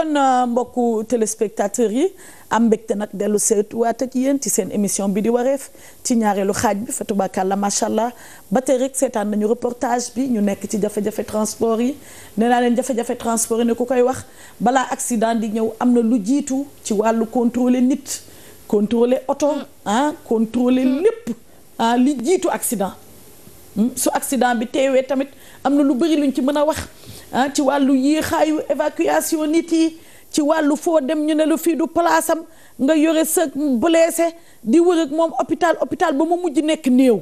kon euh, mbokku téléspectateurs yi am mbégte nag dellu seetuwaat ak yéen ci seen émission bi di wareef ci ñaareelu xaaj bi fa tubaakàlla macha allah ba tey rek seetaan nañu reportage bi ñu nekk ci jafe-jafe transport yi nee naa leen jafe-jafe transport yi ne ku koy wax balaa accident di ñëw am na lu jiitu ci wàllu contrôler nit contrôler oto ah contrôler mm. lépp ah li jiitu accident hmm, su accident bi teewee tamit am na lu bëri luñ ci mën a wax. ah ci wàllu yéexaayu évacuation nit yi ci wàllu foo dem ñu ne lu fii du place am nga yore sa blessé di wër ak moom hôpital hôpital ba mu mujj nekk néew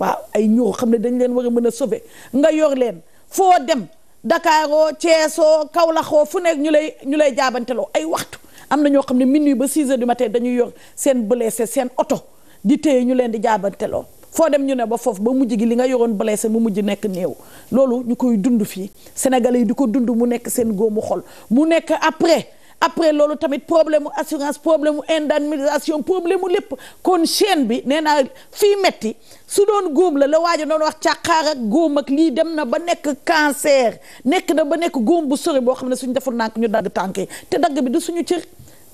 waaw ay ñoo xam ne dañ leen war a mën a sobe nga yor leen foo dem Dakaaroo Ceesoo Kawlaxoo fu nekk ñu lay ñu lay jaabanteloo ay waxtu am na ñoo xam ne minuit ba 6 heures du matin dañuy yor seen blessé seen oto di téye ñu leen di jaabanteloo foo dem ñu ne ba foofu ba mujj gi li nga yoroon blessé mu mujj nekk néew loolu ñu koy dund fii sénégal yi di ko dund mu nekk seen góomu xol mu nekk après après loolu tamit problème mu assurance problème mu indemnisation problème mu lépp kon chaîne bi nee naa fii metti su doon góom la la waaja doon wax càqaar ak góom ak lii dem na ba nekk cancer nekk na ba nekk góom bu sore boo xam ne suñ defoon nànk ñu dagg tànk yi te dagg bi du suñu cër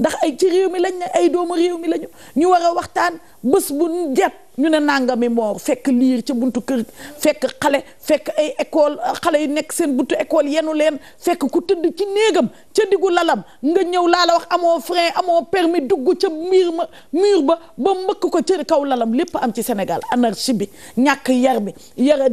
ndax ay ci réew mi lañ ne ay doomu réew mi lañu ñu war a waxtaan bés bu jet ñu ne nangami moor fekk liir ca buntu kër fekk xale fekk ay école xale yu nekk seen buntu école yenu leen fekk ku tëdd ci néegam ca diggu lalam nga ñëw laa la wax amoo frein amoo permis dugg ca miir ma miir ba ba mbëkk ko ca kaw lalam lépp am ci Sénégal anarchie bi ñàkk yar bi yara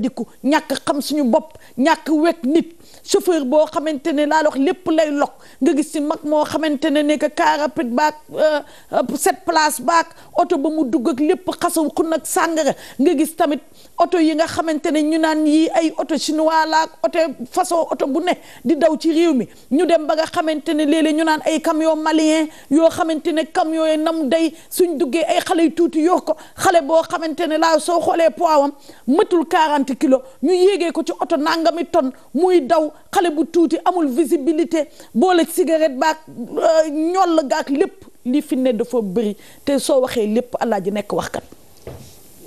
ñàkk xam suñu bopp ñàkk wekk nit chauffeur boo xamante ne laa wax lépp lay lok nga gis ci mag moo xamante ne ne que car rapide baak euh, euh, set place baak oto ba mu dugg ak lépp xasaw xun ak sàngara nga gis tamit oto yi nga xamante ne ñu naan yi ay oto chinois la oto façon oto bu ne di daw ci réew mi ñu dem ba nga xamante ne léeg ñu naan ay camion malien yoo xamante ne camion yi nam day suñ duggee ay xale yu tuuti yoo ko xale boo xamante ne laa soo xoolee poids am matul 40 kilo ñu yéegee ko ci oto nangami tonne muy daw xale bu tuuti amul visibilité boole cigarette baak euh, ñoll gaak lépp li fi ne dafa bëri te soo waxee lépp ji nekk waxkat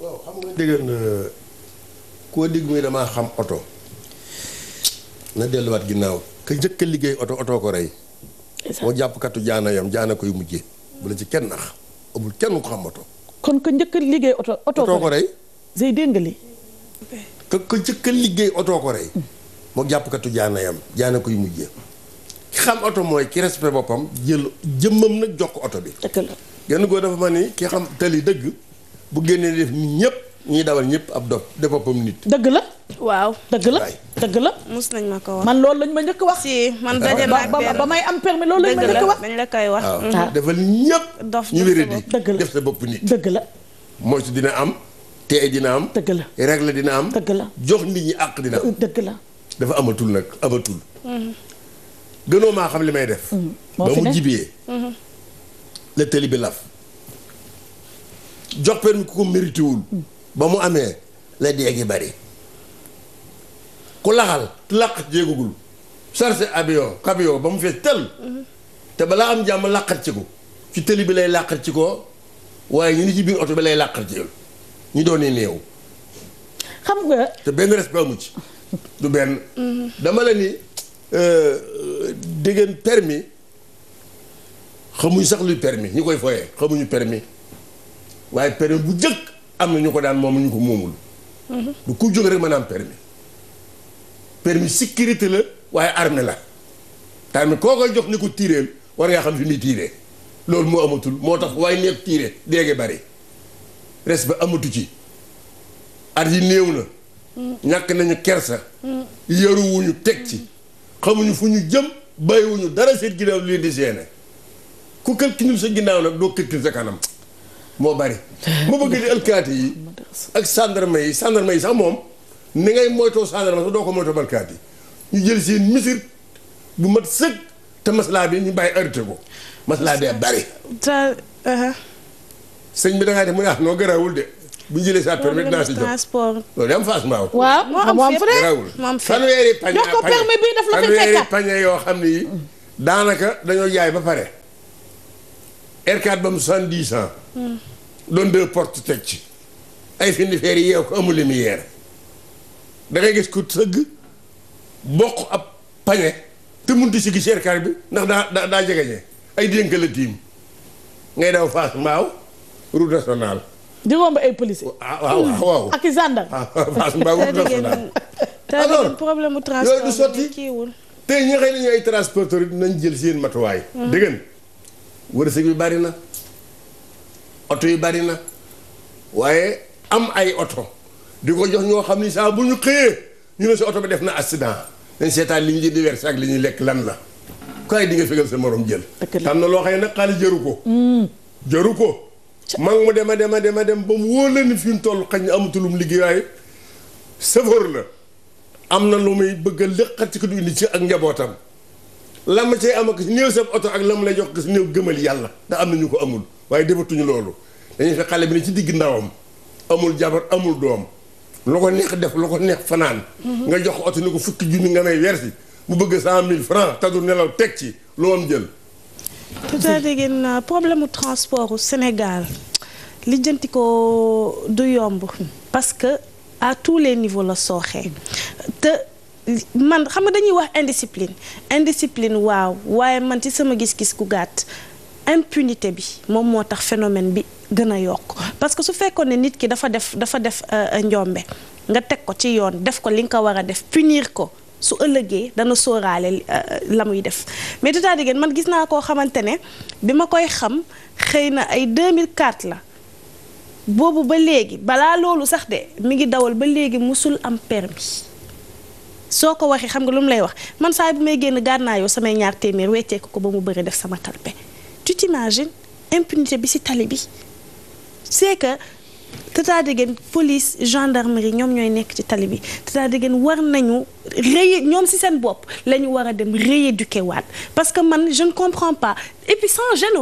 waaw koo dégg muy damaa xam oto na delluwaat ginnaaw ka jëkk a liggéey oto oto ko rey. moo jàppkatu jaana yam jaana koy mujjee bu kenn nax amul ko kon njëkk a oto oto ko rey liggéey oto ko rey. Mm. moo jàppkatu jaana yam jaana koy mujjee. ki xam oto mooy ki respect boppam jël jëmmam nag jox ko oto bi. dëgg la genn góor dafa ma ni ki xam tali dëgg bu génnee def nit ñëpp. ñiy dawal ñëpp ab dof defapam nit. dëgg la. waaw dëgg la dëgg la. mus nañ ma ko wax man loolu lañ ma njëkk wax. si man daje ma ak ba may am permis loolu lañ ma njëkk wax. dañ la koy wax. Ah. defal ñëpp. dof ñu wéré di def sa bopp nit. dëgg la. moytu dina am. tey dina am. dëgg la règle dina am. dëgg la jox nit ñi àq dina am. dëgg la. dafa amatul nag amatul. Mm-hmm. gënoo maa xam li may def. Mm-hmm. ba mu jibee mm-hmm. la tëli bi laf jox permis ku ko mérité ba mu amee la dee gi bari ku laxal làqat jéegugul sarse abiyo kabiyo ba mu fees tël te balaa am jàmm làqat ci ko ci tëli bi lay làqat ci ko waaye ñu ni ci biir oto bi lay làqat ci ñu doon néew xam nga te benn respect mu ci du benn dama la ni euh, déggeen permis xamuñ sax luy permis ñu koy foyee xamuñu permi waaye permis bu jëkk am na ñu ko daan moom ñu ko moomul. Mhm. du ku jóg rek mën a am permis. permis la waaye arme la. tamit koo koy jox ni ko tiireel war ngaa xam fi muy tiiree loolu moo amatul moo tax waaye nekk tiire déegi bari respect amatu ci at yi néew na mhm. ñàkk nañu kersa mhm. yaruwuñu teg ci xamuñu fu ñu jëm bàyyiwuñu dara seen ginnaaw li leen di gêné ku kël kinul sa ginnaaw nag doo kël sa kanam moo bari ma bëgg di alkaati yi ak gendarme yi gendarme yi sax moom ni ngay moytoo gendarme sax doo ko moytoo alkaati yi ñu jël seen misir bu mat sëg te maslaa bi ñu bàyyi arrêté ko maslaa bi bari uh-huh. sëñ bi da ngaa mu ne ah noo garaawul de bu jëlee sa permis dinaa am faas mbaaw waaw moo am fu fanweeri pañe yoo xam ne daanaka dañoo jaay ba pare R4 ba mu soixante-dix ans. doon deux portes teg ci. ay finifeer yi yeew ko amul lumière da ngay gis ko sëgg bokk ab pañe te munti si gis r bi ndax daa daa jegeñee ay dénk la tiim ngay daw faas mbaaw route nationale. di romb ay policiers. waaw waaw hmm. waaw ak i gendarme. Ah, faas mbaaw route nationale. alors problème mu transport yooyu du sotti. tey ñi xëy na ñu ay transporteurs dinañ jël seen matuwaay. Hmm. dégg wërsëg yu bari na oto yu bari na waaye am ay oto di ko jox ñoo xam ni saa bu ñu xëyee ñu ne sa oto bi def na accident dañ seetaan li ñu di verser ak li ñuy lekk lan la kaay di nga fegal sa morom jël. tam na loo xëy nag xaalis jaru ko. jëru ko. Mm. mag mu dem a dem a dem a dem ba mu wóor la ni fi mu toll xañ na amatulum liggéeyaay sëfoor la am na lu muy bëgg a lëqati ko indi ci ak njabootam. lam ma cay am ak néew sa oto ak lam lay jox ko si néew gëmal yàlla ndax am nañu ko amul waaye defatuñu loolu dañuy fekk xale bi ne ci digg ndawam amul jabar amul doom lu ko neex def lu ko neex fanaan mhm. nga jox ko oto ni ko fukki junni nga may wersi mu bëgg cent mille francs tadu nelaw teg ci loo am jël tout à fait ngeen euh, problème transport au Sénégal lijjanti ko du yomb parce que à tous les niveaux la sooxee man xam nga dañuy wax indiscipline indiscipline waaw waaye man ci sama gis-gis ku gàtt impunité bi moom moo tax phénomène bi gën a yokk parce que su fekkoon ne nit ki dafa def dafa def euh, njombe nga teg ko ci yoon def ko li nga ko war a def punir ko su ëllëgee dana sóoraale euh, la muy def mais c'est-à-dire man gis naa koo xamante ne bi ma koy xam xëy na ay 2004 la boobu ba léegi balaa loolu sax de mi ngi dawal ba léegi mosul am permis soo ko waxee xam nga lu mu lay wax man saa bu may génn gànnaayoo samay ñaar téeméer wecceeku ko ba mu bëri def sama kalpe tu t'imagines impunité bi ci tali bi c'est que tata dégeen police gendarmerie ñoom ñooy nekk ci tali bi tata dégeen war nañu réye ñoom si seen bopp la ñu war a dem rééduquer waat parce que man je ne comprends pas et puis sans gêne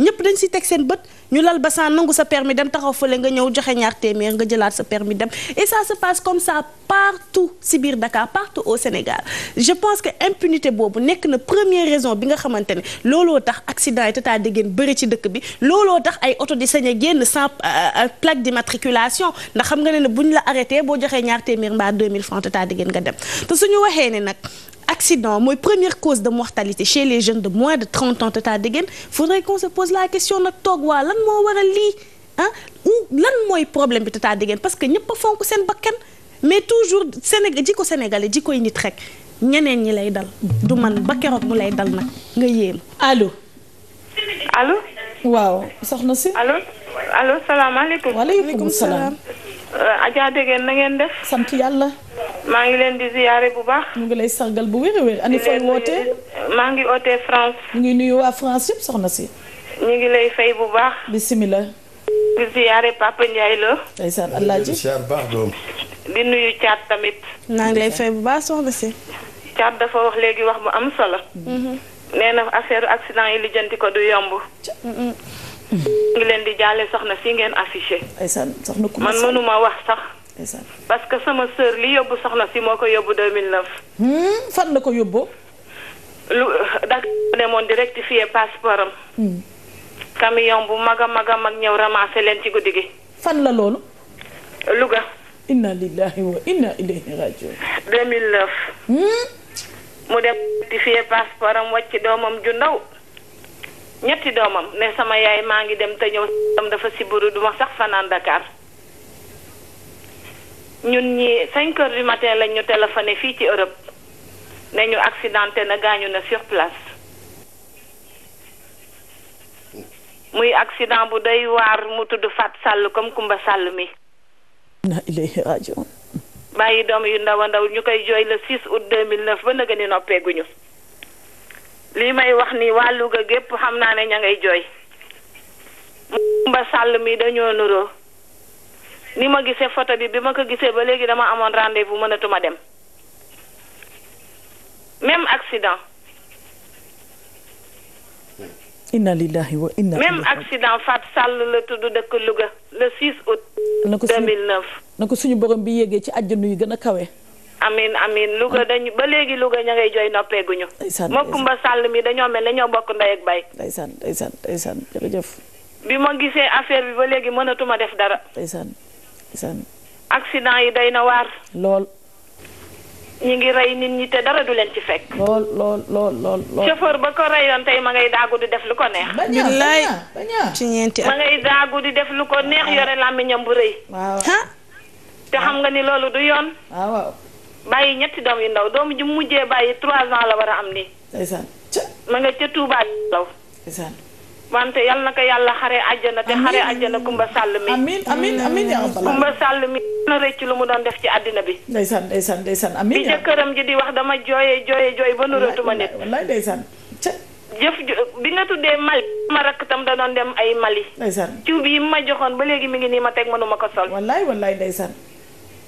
ñëpp dañ si teg seen bët ñu lal basan nangu sa permis dem taxaw fa fële nga ñëw joxe ñaar téeméer nga jëlaat sa permis dem et ça se comme sa partout si biir Dakar partout au Sénégal je pense que impunité boobu nekk na première raison bi nga xamante ne looloo tax accident yi tata déggéen bëri ci dëkk bi looloo tax ay oto di sañ a génn sans euh, euh, plaque d'immatriculation ndax xam nga ne ne bu ñu la arrêté boo joxee ñaar téeméer mbaa 2000 francs tata déggéen nga dem te suñu waxee ne nag accident mooy première cause de mortalité chez les jeunes de moins de 30 ans te taa dégg ngeen faudrait qu'on pose la question nag toog waa lan moo a lii ah lan mooy problème bi te taa dégg parce que ñëpp a fonk seen bakkan mais toujours Sénégal ji ko sénégalais ji koy nit rek ñeneen ñi lay dal du man ba keroog mu lay dal nag nga yéem allo. allo. waaw soxna si. allo allo salaamaaleykum. waaleykum salaam. Euh, Adja dégg ngeen na ngeen def. sant yàlla. maa ngi leen di ziyaare bu baax. mu ngi lay sargal bu wér a wér. ani fooy maa ngi wootee France. mu ngi nuyu waa France soxna si. mu ngi lay fay bu baax. bisimilah. di ziyaare Papa Ndiaye la. ndeysaan Alaaji baax doom. di nuyu Thiat tamit. naa ngi lay fay bu baax soxna si. Thiat dafa wax léegi wax bu am solo. Mm-hmm. nee na affaire accident yi lijjanti ko du yomb. Mm-hmm. ngi leen di jaale soxna si ngeen affiché. ndeysaan soxna ku man mënuma wax sax. parce que sama sœur li yóbbu soxna si moo ko yóbbu 2009. Hmm? fan la ko yóbbu. lu dak demoon di rectifier passeport am. Hmm. camion bu mag a mag a mag ñëw ramasser leen ci guddi gi. fan la loolu. Louga. inna lillahi wa inna ilayhi rajiun. 2009. Hmm? mu dem rectifier passeport am wàcc doomam ju ndaw. ñetti doomam ne sama yaay maa ngi dem te ñëw dafa siburu duma sax fanaan Dakar. ñun ñi cinq heures du matin lañ ñu téléphoné fii ci Europe ne ñu accidenté na gaañu na sur place muy accident bu doy waar mu tudd Fat sàll comme Kumba sàll mi. na ilayhi bàyyi doom yu ndaw a ndaw ñu koy jooy le 6 mille 2009 ba nëgë ni noppeeguñu lii may wax ni waa Louga gépp xam naa ne ña ngay jooy. Kumba Sall mi dañoo nuroo. ni ma gisee photo bi bi ma ko gisee ba léegi dama amoon rendez bu mënatuma dem même accident. inna lillahi wa inna la tudd dëkk Louga le 6 août. 2009 na ko suñu borom bi yéegee ci àjjana yu gën a kawe. amin amin Louga ah. dañu ba léegi Louga ña ngay jooy noppeeguñu. ndeysaan ndeysaan Mokumba Sall mi dañoo mel ne ñoo bokk ndey ak bay. bi ma gisee affaire bi ba léegi mënatuma def dara. ndeysaan. accident yi day na waar. lool. ñi ngi rey nit ñi te dara du leen ci fekk. lool lool lool lool lool. chauffeur ba ko reyoon tey ma ngay daagu di def lu ko neex. billaay ci ñeenti at ma ngay di def lu ko neex yore làmmiñam bu rëy. te xam nga ni loolu du yoon. waaw bàyyi ñetti doom yu ndaw doom ju mujjee bàyyi trois ans la war a am nii. ma nga ca Touba law ndeysaan wante yal na ko yàlla xare àjjana te xare àjjana Kumba Sall mi amiin amiin amiin yaa rabbal Kumba Sall mi na rëcc lu mu doon def ci àddina bi ndeysaan ndeysaan ndeysaan amiin bi jëkkëram ji di wax dama jooye jooye jooy ba nuratuma nit wallaay ndeysaan jëf bi nga tuddee Mali ma rakk tam da doon dem ay Mali ndeysaan ciw bi ma joxoon ba léegi mi ngi nii ma teg mënuma ko sol wallaay wallaay ndeysaan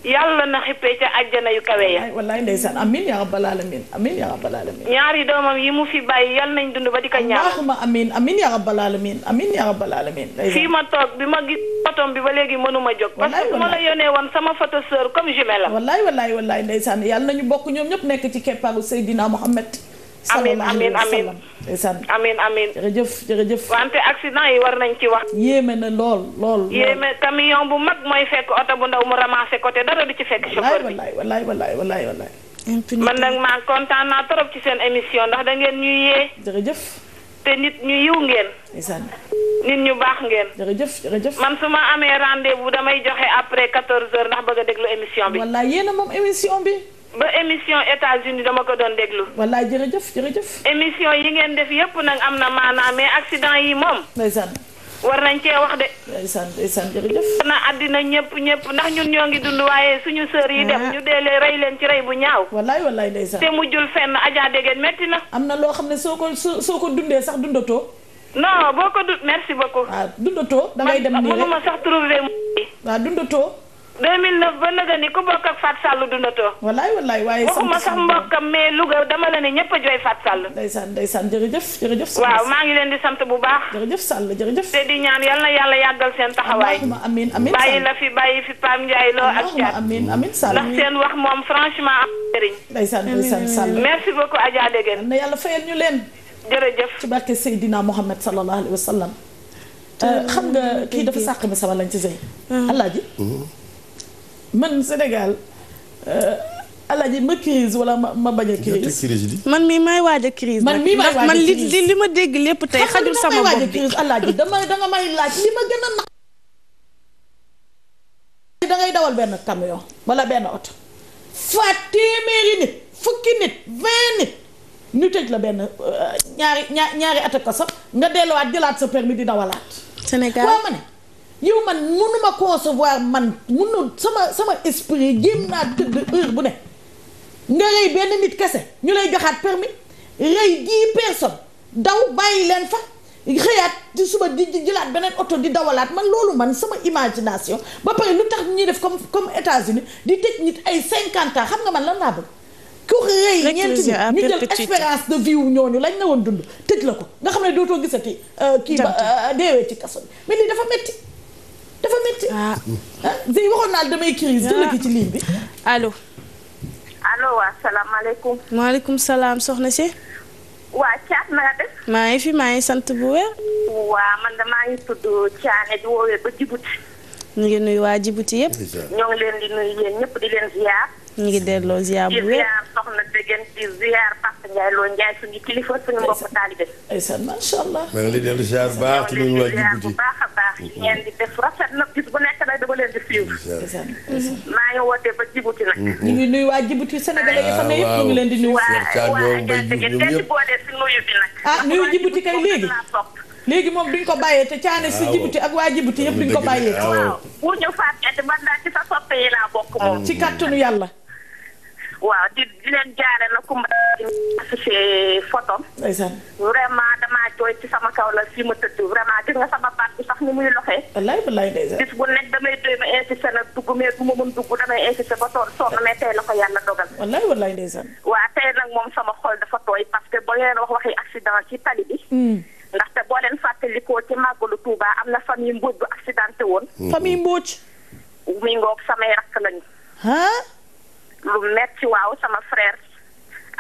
yàlla na xippee ca àjjana yu kawe ya wallaay ndeysaan amin yaa rabbal alamin amin yaa rabbal alamin ñaari doomam yi mu fi bàyyi yàlla nañ dund ba di ko ñaar allahumma amin amin yaa rabbal alamin amin yaa rabbal alamin fii ma toog bi ma gis photom bi ba léegi mënuma jóg parce que ma la yónnee woon sama photo sœur comme jumelle la wallaay wallaay wallaay ndeysaan yàlla nañu bokk ñoom ñëpp nekk ci keppaaru Seydina Mohamed amiin amiin amiin amiin amiin jërëjëf jërëjëf wante accident yi war nañ ci wax yéeme na lool lool yéeme camion bu mag mooy fekk oto bu ndaw mu ramassé ko te dara du ci fekk chauffeur bi wallaay wallaay wallaay wallaay man nag maa kontaan naa trop ci seen émission ndax da ngeen ñuy yee jërëjëf te nit ñu yiw ngeen nit ñu baax ngeen. jërëjëf jëf man su ma amee render bu damay joxe après 14 heures ndax bëgg a déglu émission bi. walla yéena moom émission bi. ba émission États-Unis dama ko doon déglu. wallaay jërëjëf jërëjëf. émission yi ngeen def yëpp nag am na maanaam mais accident yi moom. ndeysaan. war nañ cee wax de. ndeysaan ndeysaan jërëjëf. na àddina ñëpp ñëpp ndax ñun ñoo ngi dund waaye ñu sœur yi dem ah. ñu dee leen rey leen ci rey bu ñaaw. wallaay wallaay ndeysaan. te mujjul fenn Adja Dégène métti na. am na loo xam ne soo ko soo ko dundee sax dundatoo. non boo ko du merci beaucoup. waaw ah, dundatoo. da ngay dem nii rek man a sax trouver waaw ah, dundatoo. 2009 ba naga ni ku bokk ak Fatou Sall dundatoo. wallaay wallaay waaye. sant waxuma sax mbokkam mais Louga dama la ne ñëpp a jooy Fatou Sall. ndeysaan ndeysaan jërëjëf jëf waaw maa ngi leen di sant bu baax. ñaan yal na yàlla yàggal seen taxawaay. amiin amiin bàyyi la fi bàyyi fi Pam Ndiaye loo ak. Thiat amiin amiin Sall ndax seen wax moom franchement am njëriñ. ndeysaan ndeysaan Sall. merci beaucoup Adja Degen. na yàlla fayal ñu leen. jërëjëf ci barke Seydina Mohamed sallallahu alayhi wa sallam euh, euh, xam nga kii man Sénégal euh, alaaji ma crise wala ma ma bañ a crise man mii may waaj a crise man mii may waaj a crise man li li ma dégg lépp tey xajul sama bopp bi alaaji dama danga may laaj li ma gën a naq da ngay dawal benn camion wala benn oto faat téeméeri nit fukki nit vingt nit ñu tëj la benn euh, ñaari ñaari at ak kaso nga delluwaat jëlaat sa permis di dawalaat Sénégal yow man mënuma concevoir man mënu sama sama esprit jéem naa tëdd heure bu ne nga rey benn nit kese ñu lay joxaat permis rey dix personne daw bàyyi leen fa xëyaat di suba di jëlaat beneen oto di dawalaat man loolu man sama imagination ba pare lu tax ñuy def comme comme États-Unis di tëj nit ay cinquante ans xam nga man lan laa bëgg ku rëy ñeenti nit ñu jël espérance de vie ñooñu lañ na woon dund tëj la ko nga xam ne dootoo gisati euh, kii ba euh, deewee ci kaso bi dafa metti dafa métti. ah, ah Zey waxoon naa damay crise jël ki ci ligne bi. allo. Ah. allo waa salaamaaleykum. maaleykum salaam soxna si. waa Thiat na nga def. maa ngi fi maa ngi sant bu wér. waa man damaa ngi tudd di woowee ba Djibouti. ñu ngi nuyu waa Djibouti yëpp. ñoo ngi leen di nuyu yéen ñëpp di leen ziar. ñu ngi delloo ziar bu wér soxna Degen di ziar Papa Ndiaye Lo Ndiaye suñu kilifa suñu mbokk taalibe. aysan maa ngi leen ba Djibouti nag. ñu nuyu waa Djibouti sénégalais yi fa ne yëpp ñu ngi leen di nuyu. waaw waaw waaw Ndiaye Degen kenn boole si nuyu bi nag. ah nuyu Djibouti kay léegi moom duñ ko bàyyee te caane si Djibouti ah, ak waa Djibouti yëpp duñ ko bàyyee. waaw pour ñu fàtte man daal ci sa soppe yi laa bokk moom. ci waaw di di leen jaare na Kumba di affiché photo vraiment damaa ci sama kaw la fii ma tëdd vraiment gis nga sama baat bi sax ni muy loxee wallaay wallaay ndeysaan gis bu nekk damay doy ma insisté nag dugg mais du ma mën dugg damay insisté ba toon sonn ko yàlla dogal wallaay wallaay ndeysaan waa tey moom sama xol dafa tooy parce que ba ngeen wax waxi accident ci tali bi hmm. Touba am na famille Mbodj bu accidenté woon. Mm-hmm. famille Mbodj. mi ngoog samay rakk lañu. ah. lu metti waaw sama frère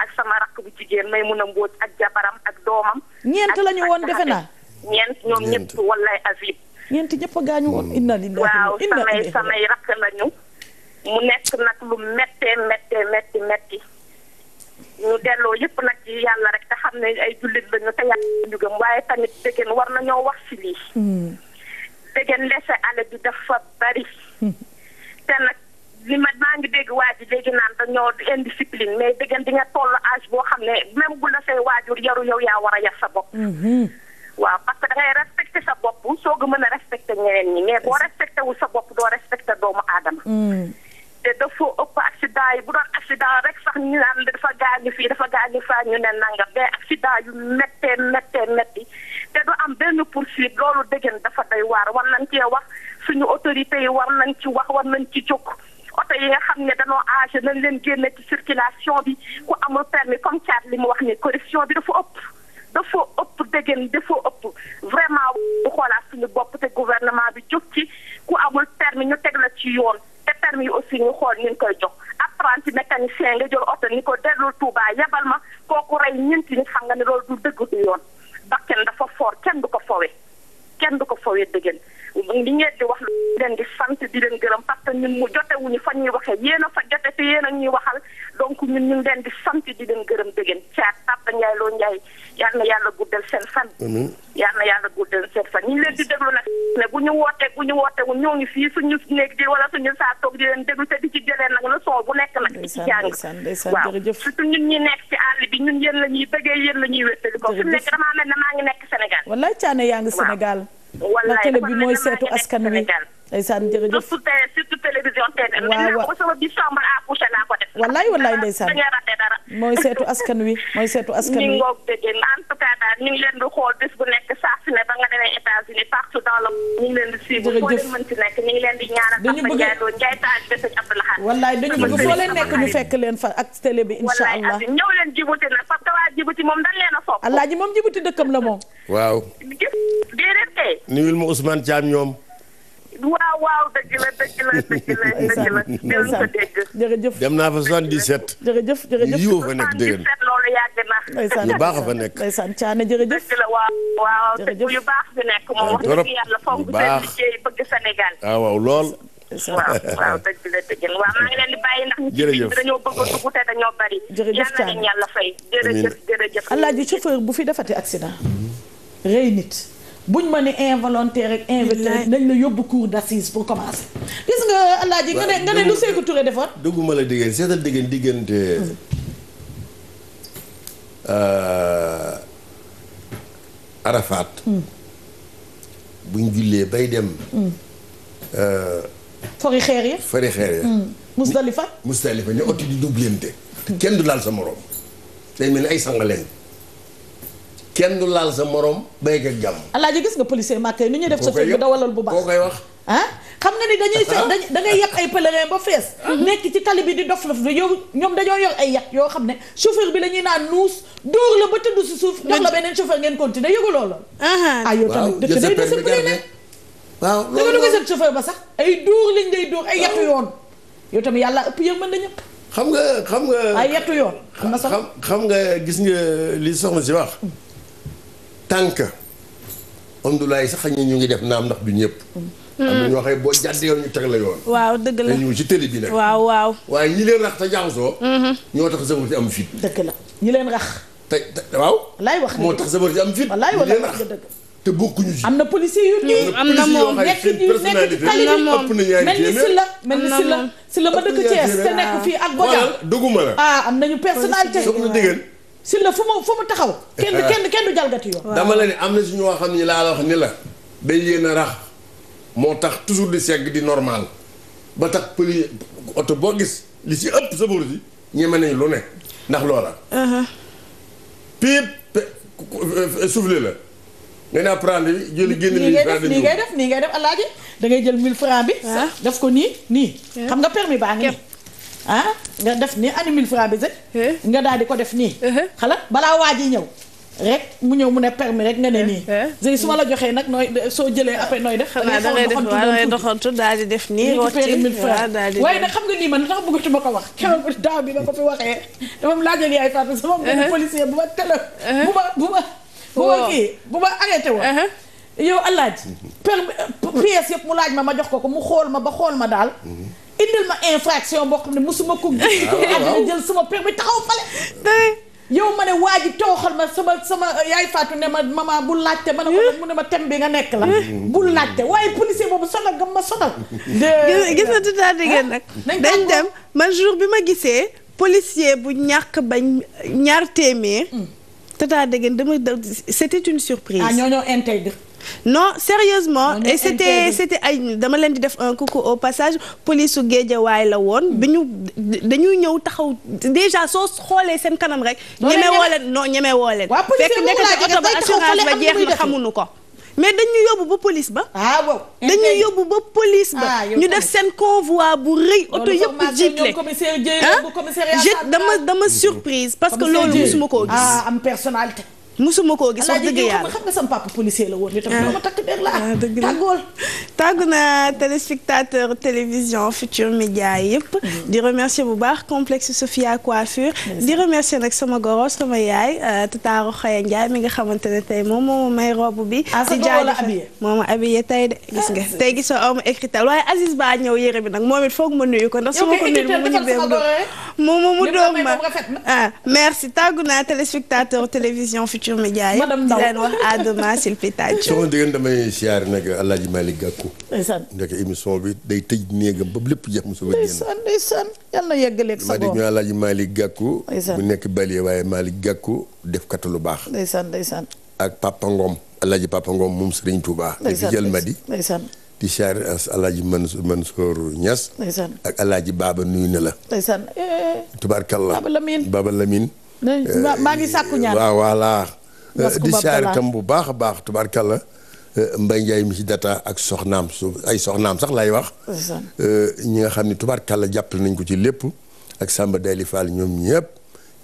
ak sama raq bu jigéen may mun a Mbodj ak jabaram ak doomam. ñeent lañu woon defe naa. ñeent ñoom ñëpp wallaay azib. ñeent ñëpp a gaañu woon. Mm-hmm. inna lillahi waaw samay samay rakk lañu. mu nekk nag lu méttee méttee métti métti. ñu delloo yëpp nag ci yàlla rek te xam ne ay jullit lañu te yàlla ñu gëm waaye tamit dëggeen war na ñoo wax ci lii. dëggeen hmm. laisser-aller bi dafa bari. Hmm. te nag li ma maa ngi dégg waa ji léegi naan dañoo indiscipline mais dëggeen di nga toll âge boo xam ne même bu la say waajur yaru yow yaa war a yar sa bopp. Hmm. waaw parce que da ngay respecté sa bopp soo a mën a respecté ñeneen ñi mais boo respecté wu sa bopp doo respecté doomu aadama. te dafa ëpp accident yi bu doon accident rek sax ñu naan dafa gaañu fii dafa gaañu faa ñu ne nangam mais accident yu méttee méttee métti te du am benn poursuite loolu dëgën dafa day waar war nañ cee wax suñu autorité yi war nañ ci wax war nañ ci jóg oto yi nga xam ne danoo âgé nañ leen génne ci circulation bi ku amul permis comme Thiat li mu wax ni corruption bi dafa ëpp dafa ëpp dëgën dafa ëpp vraiment bu xoolaat suñu bopp te gouvernement bi jóg ci ku amul permis ñu teg la ci yoon te permis aussi ñu xool ñu ngi koy jox apprenti mécanicien nga jël oto ni ko dellul Touba yabal ma kooku rey ñeenti nit xam nga ne loolu du dëgg du yoon bakken dafa foor kenn du ko fowe kenn du ko fowe dëggan li ngeen di wax lu leen di sant di leen gërëm parce que ñun mu jotewuñu fa ñuy waxee yéen a fa jote te yéen a ñuy waxal donc ñun ñu ngi leen di sant di leen gërëm dëggan caat Papa Ndiaye Lo Ndiaye yal na yàlla guddal seen fan yal na yàlla guddal seen fan ñu ngi leen di déglu nag ne bu ñu wootee bu ñu wootee wu ñoo ngi fii suñu néeg di wala suñu saa toog di leen déglu te di ci jëlee nag leçon bu nekk nag di ci jàng waaw surtout ñun ñi nekk ci àll bi ñun yéen la ñuy bëggee yéen la ñuy wéttali ko fi mu nekk damaa mel ne maa ngi nekk Sénégal wallaay caane yaa ngi Sénégal ndax télé bi mooy seetu askan wi ndeysaan jërëjëf surtout télé surtout télévision ah, mooy seetu askan wi mooy seetu askan wi. a Abdou wallaay dañu bëgg foo leen nekk ñu fekk leen fa ak télé bi incha allah. ñëw leen Djibouti nag parce waa Djibouti moom dañ leen a sopp. alaaji moom Djibouti dëkkam la moom. waaw. gis déedéet tey. nuyul ma waaw waaw dëgg la dëgg la dëgg la dëgg la. jërëjëf dem naa fa 77. jërëjëf jërëjëf yiw fa nekk dégg nga. loolu yàgg na. lu baax fa nekk. ndeysaan caane jërëjëf. dëgg la waaw waaw te yu baax bi nekk moom wax dëgg yàlla fonk seen liggéey bëgg Sénégal. ah waaw lool. waaw waaw dëgg la dëgg la waaw maa ngi leen di bàyyi ndax. jërëjëf ñu dañoo bëgg a dugg te dañoo bari. jërëjëf caane yàlla fay. jërëjëf jërëjëf. alaaji chauffeur bu fi defati accident rey nit buñ ma ne involontaire rek involontaire nañ la yóbbu cour d'assises pour commencer gis nga alaaji nga ne nga ne lu Sékou Touré defoon dugguma la diggante seetal diggante diggante euh, hmm. buñ jullee bay dem hmm. euh, fori xeer ya fori xeer ya hmm. Musdalifa Musdalifa ñu otti di dublente te kenn du laal sa moroom day mel ni ay sangaleen kenn du laal sa morom béykat ak jàmm. alaaji gis nga policier màkk yi nu ñuy def. chauffeur bi dawalal bu baax koo koy wax. Ah? xam nga ni dañuy seet ah? dañuy da ngay yàq ay pèlerin ba fees. nekk ci tali bi di dof dof yow ñoom dañoo yor ay yàq yoo xam ne chauffeur bi la ñuy naan nuus dóor la ba tëdd si suuf. jox la beneen chauffeur ngeen continuer yëgu loolu. ah yow tamit dëkk day discipliné. waaw loolu nga ba sax ay dóor lañ lay dóor ay yàq yoon. yow tamit yàlla ëpp yërmande ñëpp. xam nga xam nga ay yàq yoon. xam nga gis nga li soxna si wax. tant que ondulaay sax xañ ñu ngi def naam ndax du ñëpp. Hmm. am na ñoo xam yoon ñu teg la yoon. waaw la ñu ci télé bi nag. waaw waaw. waaye ñi leen rax te jaxasoo. Hmm. ñoo tax sëfar si am fit. dëgg la ñi leen rax. te waaw. laay wax moo tax sëfar si am fit. wallaay wala dëgg te bokkuñu si. am na policier yu nii am na moom nekk ci nekk ci tali bi na ñaari mel ni si la si la si la ma dëkk Thiès te nekk fii ak Bodian. duguma la ah am nañu personnalité. soxna Dégane. si la fu mu fu mu taxaw. kenn kenn kenn du jalgati yoon. dama la ne am na si ñoo xam ne laa la wax ni la. day yéen a rax moo tax toujours di segg di normal ba tax pëli oto boo gis li si ëpp sa bopp ji ñeme nañ lu ne ndax loola. piip soufflé la. nga ne apprendre jëli génn mille francs nii ngay def nii ngay def alaaji da ngay jël mille francs bi. Ah. def ko nii nii. Ah. xam nga permis baa ngi nii. ah nga def nii ani mille francs bi sëñ. Eh? nga daal di ko def nii. Eh? xala balaa waa ji ñëw. rek mu ñëw mu ne permis rek nga ne eh? nii. léegi su ma la joxee nag nooy soo jëlee après nooy def. xanaa da ngay def waaw ngay def nii. rooti waaw daal di waaye nag xam nga lii man ndax bëggatuma ko wax. keroog daaw bi ma ko fi waxee. dama laajal yaay Fatou sama benn policier bu ma télé. bu ma bu ma bu ma oh. kii bu ma arrêté woon. yow allaaj permis pièce yëpp mu laaj ma ma jox ko ko mu xool ma ba xool ma daal. Mm-hmm. indil ma infraction boo xam ne musuma ko gis àddina ah, jël sama permis taxaw fale yow ma ne waa ji tooxal ma sama sama uh, yaay Fatou ne ma maman bu laajte ma ne ko mu ne ma tem bi nga nekk la hmm. bu laajte waaye policier boobu sonal gam ma sonal hmm. gis na tutaat ngeen nag ah, dañ dem man jour bi ma gisee policier bu ñàkk bañ ñaar téeméer hmm. tataat ngeen dama c'était une surprise ah ñoo ñoo intègre non sérieusement et c'était c'était ay dama leen di def un coucou au passage police su Guédiawaay la woon bi ñu dañuy ñëw taxaw déjà soo xoolee seen kanam rek ñeme woo leen non ñeme woo leen fekk nekk ci oto ba assurance ba jeex na xamuñu ko mais dañu yóbbu ba police ba ah waaw dañu yóbbu ba police ba ah, ñu def seen convoi bu rëy oto yëpp jiitle ah je dama dama surprise parce que loolu musuma koo gis ah, am personnalité mosuma koo gis wax dëgg yàlla xam nga sama papa policier la woon. itam ah. dama takk der la ah tàggool tàggu na téléspectateur télévision Futur Média yëpp. Mm-hmm. di remercier bu baax complexe Sophia coiffure. di remercier nag sama goro sama yaay euh, Tata Rokhaya Ndiaye mi nga xamante ne tey moom moom may robe bi. Ah, di jaajëfal moom moo habillé tey de gis nga tey gis nga aw ma écrital waaye Aziz Ba ñëw bi nag moom it foog ma nuyu ko ndax su ma ko nuyu mu ñibbee mu doon mu mu ma ah merci tàggu naa téléspectateur télévision Futur Média yëpp. di leen wax à demain s'il vous plaît. soxna Degene damay siyaare nag El Hadj Malick Gakou ko. ndeysaan bi day tëj néegam ba lépp jeex mu a génn. ndeysaan ndeysaan yal sa bopp ma dégg nekk Bali waaye Malick Gakou def katu lu baax. ndeysaan ndeysaan. ak Papa Ngom. Alaaji Papa Ngom moom Serigne Touba. ndeysaan di jël Madi. ndeysaan di char Alaaji Mansour Mansour Niass. ndeysaan ak Alaaji Baba nuyu na la. ndeysaan. Eh, eh, eh. tubaarkalla Baba Lamine Baba ngi sàkku ñaan waaw voilà. di char itam bu baax a baax tubaarkalla Euh, Mbaye Ndiaye mi ci data ak soxnaam su ay soxnaam sax lay wax. Euh, ñi nga xam ne tubaarkàlla jàppale nañ ko ci lépp. ak Samba Deli Fall ñoom ñëpp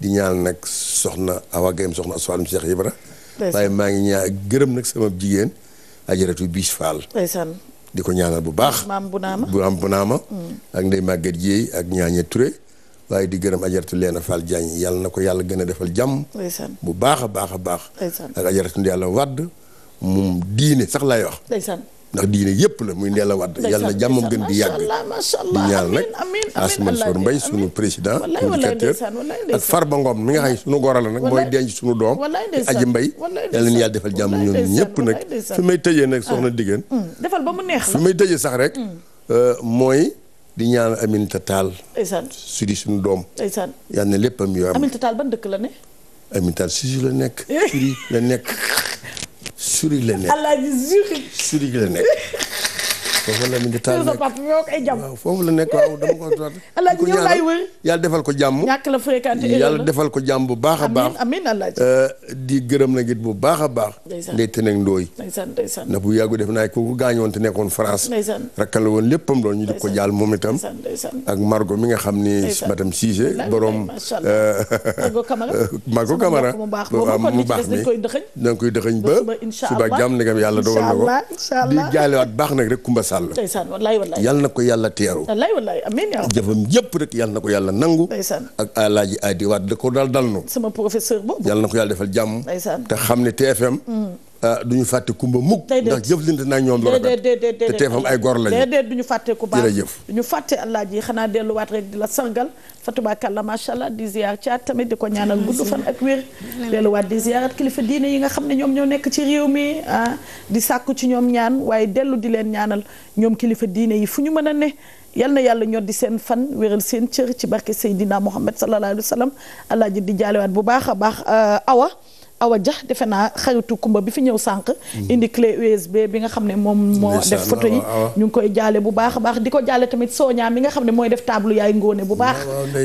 di ñaan nag soxna Awa Gaye soxna Asfaalum Cheikh Ibra. waaye maa ngi ñaa gërëm nag sama jigéen. ajaratu Biis Fall. di ko ñaanal bu baax. maam Bunaama maam Bunaama. Mm. ak ndey Maguette Dieye ak ñaañe Touré. waaye di gërëm ajaratu Leena Fall Diagne yàlla na ko yàlla gën a defal jàmm. bu baax a baax a baax. ak ajaratu Ndélla Wade. moom diine sax laay wax. ndeysaan ndax diine yëpp la muy Ndella Wade yàlla jàmmam gën di yàgg. macha allah di ñaan nag Asmansoor Mbay suñu président. communicateur ak Farba Ngom mi nga xam ne sunu la nag mooy denc suñu doom. aji mbay yàlla ni yàlla defal jàmm ñoom ñëpp nag. may tëjee nag soxna ah. Digeen. Hmm, defal may tëjee sax rek. Hmm. Euh, mooy. di ñaan Aminata Tall. ndeysaan su di doom. ndeysaan yal na léppam yoo am. Aminata dëkk la ne. la nekk. Siri nekk. surig la nekk alaaji surig surig la nekk foofu la mi ngi taal nekk waaw foofu la nekk waaw dama ko toog. alaaji ñëw laay yàlla defal ko jàmm. ñàkk yàlla defal ko jàmm bu baax a baax. amiin euh, di gërëm na ngit bu baax a baax. ndeysaan nag ndooy. ndeysaan na bu yàggu def naa kooku gaañoon te nekkoon France. ndeysaan rakkal woon léppam doon ñu di ko jaal moom itam. ak Margo mi nga xam ni. madame Cissé borom. Euh, Margo Camara mu baax mi da nga koy dëxëñ ba suba jàmm nagam yàlla dogal na ko di jaalewaat baax nag rek Kumba Sall. ndeysaan wallaay wallaay. yal na ko yàlla teeru. wallaay wallaay amiin yaa jëfam yëpp rek yal na ko yàlla nangu. ndeysaan ak alaaji Adi Wade da ko daal dal nu. sama professeur boobu. yal na ko yàlla defal jàmm. ndeysaan te xam ne TFM. Mm. Ah, du ñu fàtte kumba mukk ndax jëflante naa ñoom lu rafet te teefam ay gor lañu déedéet du ñu fàtte ku du ñu fàtte allah ji xanaa delluwaat rek di la sargal la macha allah di ziar caat tamit ko ñaanal fan ak wér delluwaat di ziarat kilifa diine yi nga xam ne ñoom ñoo nekk ci réew mi ah, di sàkku ci ñoom ñaan waaye dellu di leen ñaanal ñoom kilifa diine yi fu ñu mën a ne yal yàlla ñor di seen fan wéral seen cër ci barke Seydina Muhammad sallallahu alayhi wa sallam allah ji di jaalewaat bu baax a baax ah, awa awa jax defe naa xaritu kumba bi fi ñëw sànq mhm. indi clé USB bi nga xam ne moom moo def photo yi ñu ngi koy jaale bu baax a baax di ko jaale tamit Sonia mi nga xam ne mooy def table yaay ngóone bu baax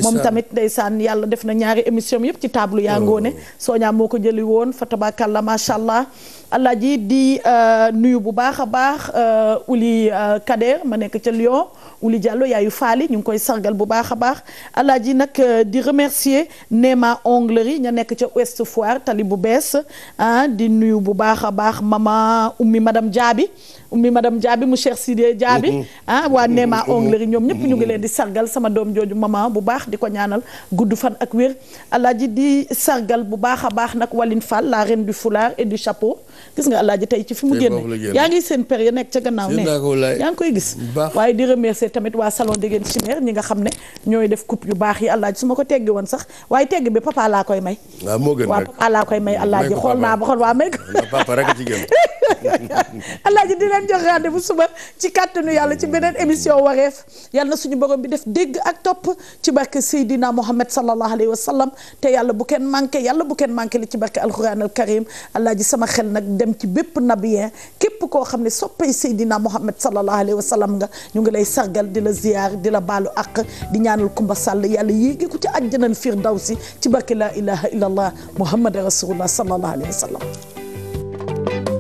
moom tamit ndeysaan yàlla def na ñaari émission yëpp ci table yaa oh. ngóone Sonia moo ko jëli woon fa tabakalla macha allah Alaaji di euh, nuyu bu baax a baax euh, Uli euh, Kader ma nekk ca Lyon Uli Diallo yaayu faali ñu ngi koy sargal bu baax a baax Alaaji nag di remercier Néma Onglerie ña nekk ca Ouest Foire tali bu bees ah, di nuyu bu baax a baax mama ummi madame Diaby ummi madame Diaby mu Cheikh Sidé Diaby mm-hmm. ah waa mm-hmm. Néma mm-hmm. Ongleri ñoom ñëpp ñu ngi leen di sargal sama doom jooju maman bu baax di ko ñaanal gudd fan ak wér alaaji di sargal bu baax a baax nag Waline Fall la reine du foulard et du chapeau gis nga alaaji tey ci fi mu génne yaa ngi seen père ya nekk ca gannaaw ne yaa ngi koy gis waaye di remercier tamit waa salon Déguène Chimère ñi nga xam ne ñooy def coupe yu baax yi alaaji su ma ko teggi woon sax waaye tegg bi papa laa koy may waaw moo gën koy may alaaji xool naa ba xool waa may ko alaaji di leen jox rendez-vous suba ci kàttanu yàlla ci beneen émission wareef yàlla na suñu borom bi def dégg ak topp ci barke Seydina Mohamed sallallahu alayhi wa sallam te yàlla bu kenn manqué yàlla bu kenn manqué li ci barke alquran al karim alaaji sama xel nag dem ci bépp nabien képp koo xam ne soppay Seydina Mohamed sallallahu alayhi wa sallam nga ñu ngi lay sargal di la ziyaar di la baalo àq di ñaanal Kumba Sall yàlla yéegi ko ci àjjanal si ci barke la ilaha illallah Muhammad rasulullah sallallahu alayhi wa sallam